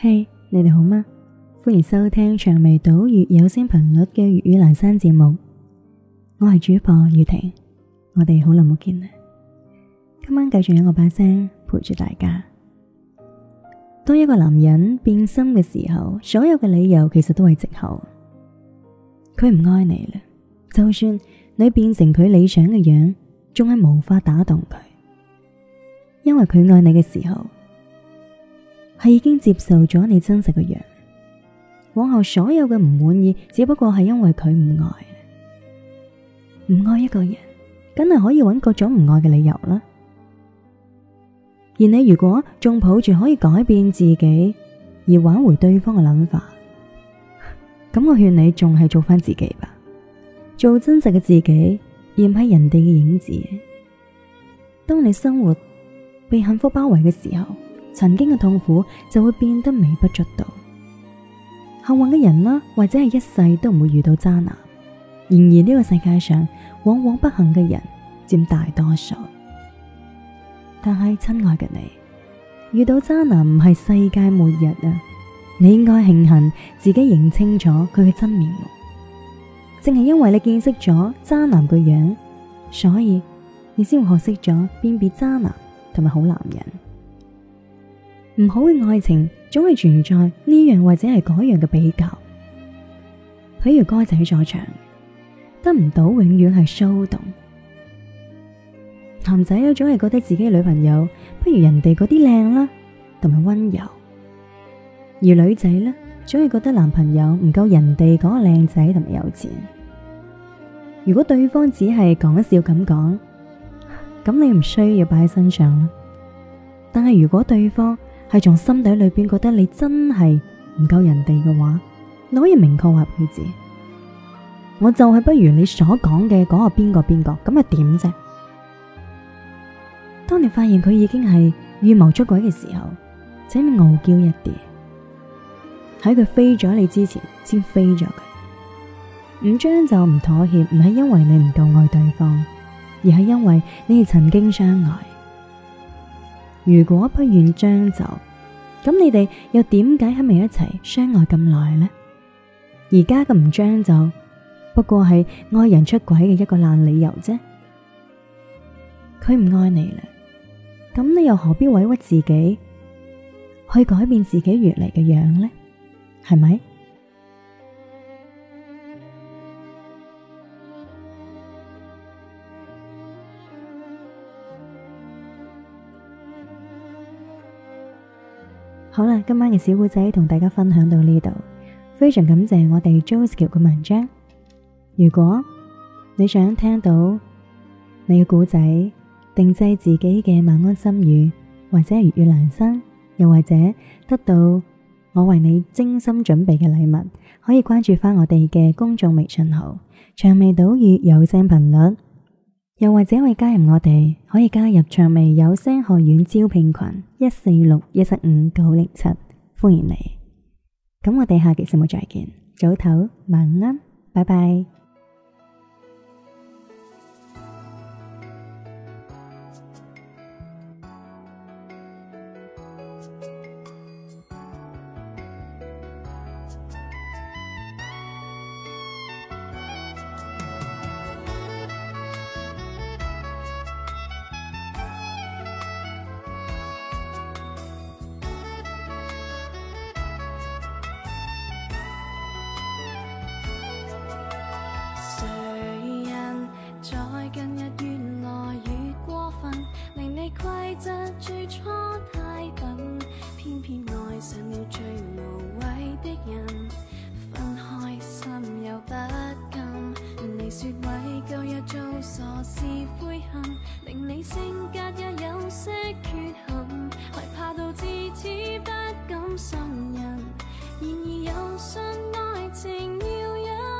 嘿，hey, 你哋好嗎？歡迎收聽長未島粵有聲頻率嘅粵語南山節目，我係主播雨婷，我哋好耐冇見啦。今晚繼續用我把聲陪住大家。當一個男人變心嘅時候，所有嘅理由其實都係借口。佢唔愛你啦，就算你變成佢理想嘅樣，仲係無法打動佢，因為佢愛你嘅時候。係已經接受咗你真實嘅樣，往後所有嘅唔滿意，只不過係因為佢唔愛，唔愛一個人，梗係可以揾各種唔愛嘅理由啦。而你如果仲抱住可以改變自己而挽回對方嘅諗法，咁我勸你仲係做翻自己吧，做真實嘅自己，而唔係人哋嘅影子。當你生活被幸福包圍嘅時候。曾經嘅痛苦就會變得微不足道。幸運嘅人啦，或者係一世都唔會遇到渣男。然而呢個世界上，往往不幸嘅人佔大多數。但係親愛嘅你，遇到渣男唔係世界末日啊！你應該慶幸自己認清楚佢嘅真面目。正係因為你見識咗渣男嘅樣，所以你先會學識咗辨別渣男同埋好男人。唔好嘅愛情總係存在呢樣或者係嗰樣嘅比較，譬如歌仔在場得唔到永遠係騷動，男仔咧總係覺得自己女朋友不如人哋嗰啲靚啦，同埋温柔；而女仔呢，總係覺得男朋友唔夠人哋嗰個靚仔同埋有錢。如果對方只係講一笑咁講，咁你唔需要擺喺身上啦。但係如果對方，係從心底裏邊覺得你真係唔夠人哋嘅話，你可以明確話畀佢知，我就係不如你所講嘅嗰個邊個邊個咁又點啫？當你發現佢已經係預謀出軌嘅時候，請你傲嬌一啲。喺佢飛咗你之前先飛咗佢。唔將就唔妥協，唔係因為你唔夠愛對方，而係因為你哋曾經相愛。如果不願將就，咁你哋又點解喺咪一齊相愛咁耐呢？而家咁唔將就，不過係愛人出軌嘅一個爛理由啫。佢唔愛你啦，咁你又何必委屈自己去改變自己原嚟嘅樣呢，係咪？好啦，今晚嘅小故仔同大家分享到呢度，非常感謝我哋 Josie 嘅文章。如果你想聽到你嘅故仔，定製自己嘅晚安心語，或者粵語男聲，又或者得到我為你精心準備嘅禮物，可以關注翻我哋嘅公眾微信號《長未島嶼有聲頻率》。又或者可以加入我哋，可以加入長眉有聲學院招聘群一四六一七五九零七，07，歡迎你。咁我哋下期節目再見，早唞，晚安，拜拜。是悔恨令你性格也有些缺陷，害怕到至此不敢信任，然而有信愛情要忍。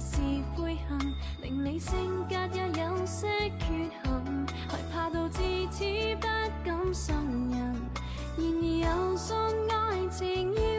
是悔恨，令你性格也有些缺陷，害怕到至此不敢信任，然而有信愛情。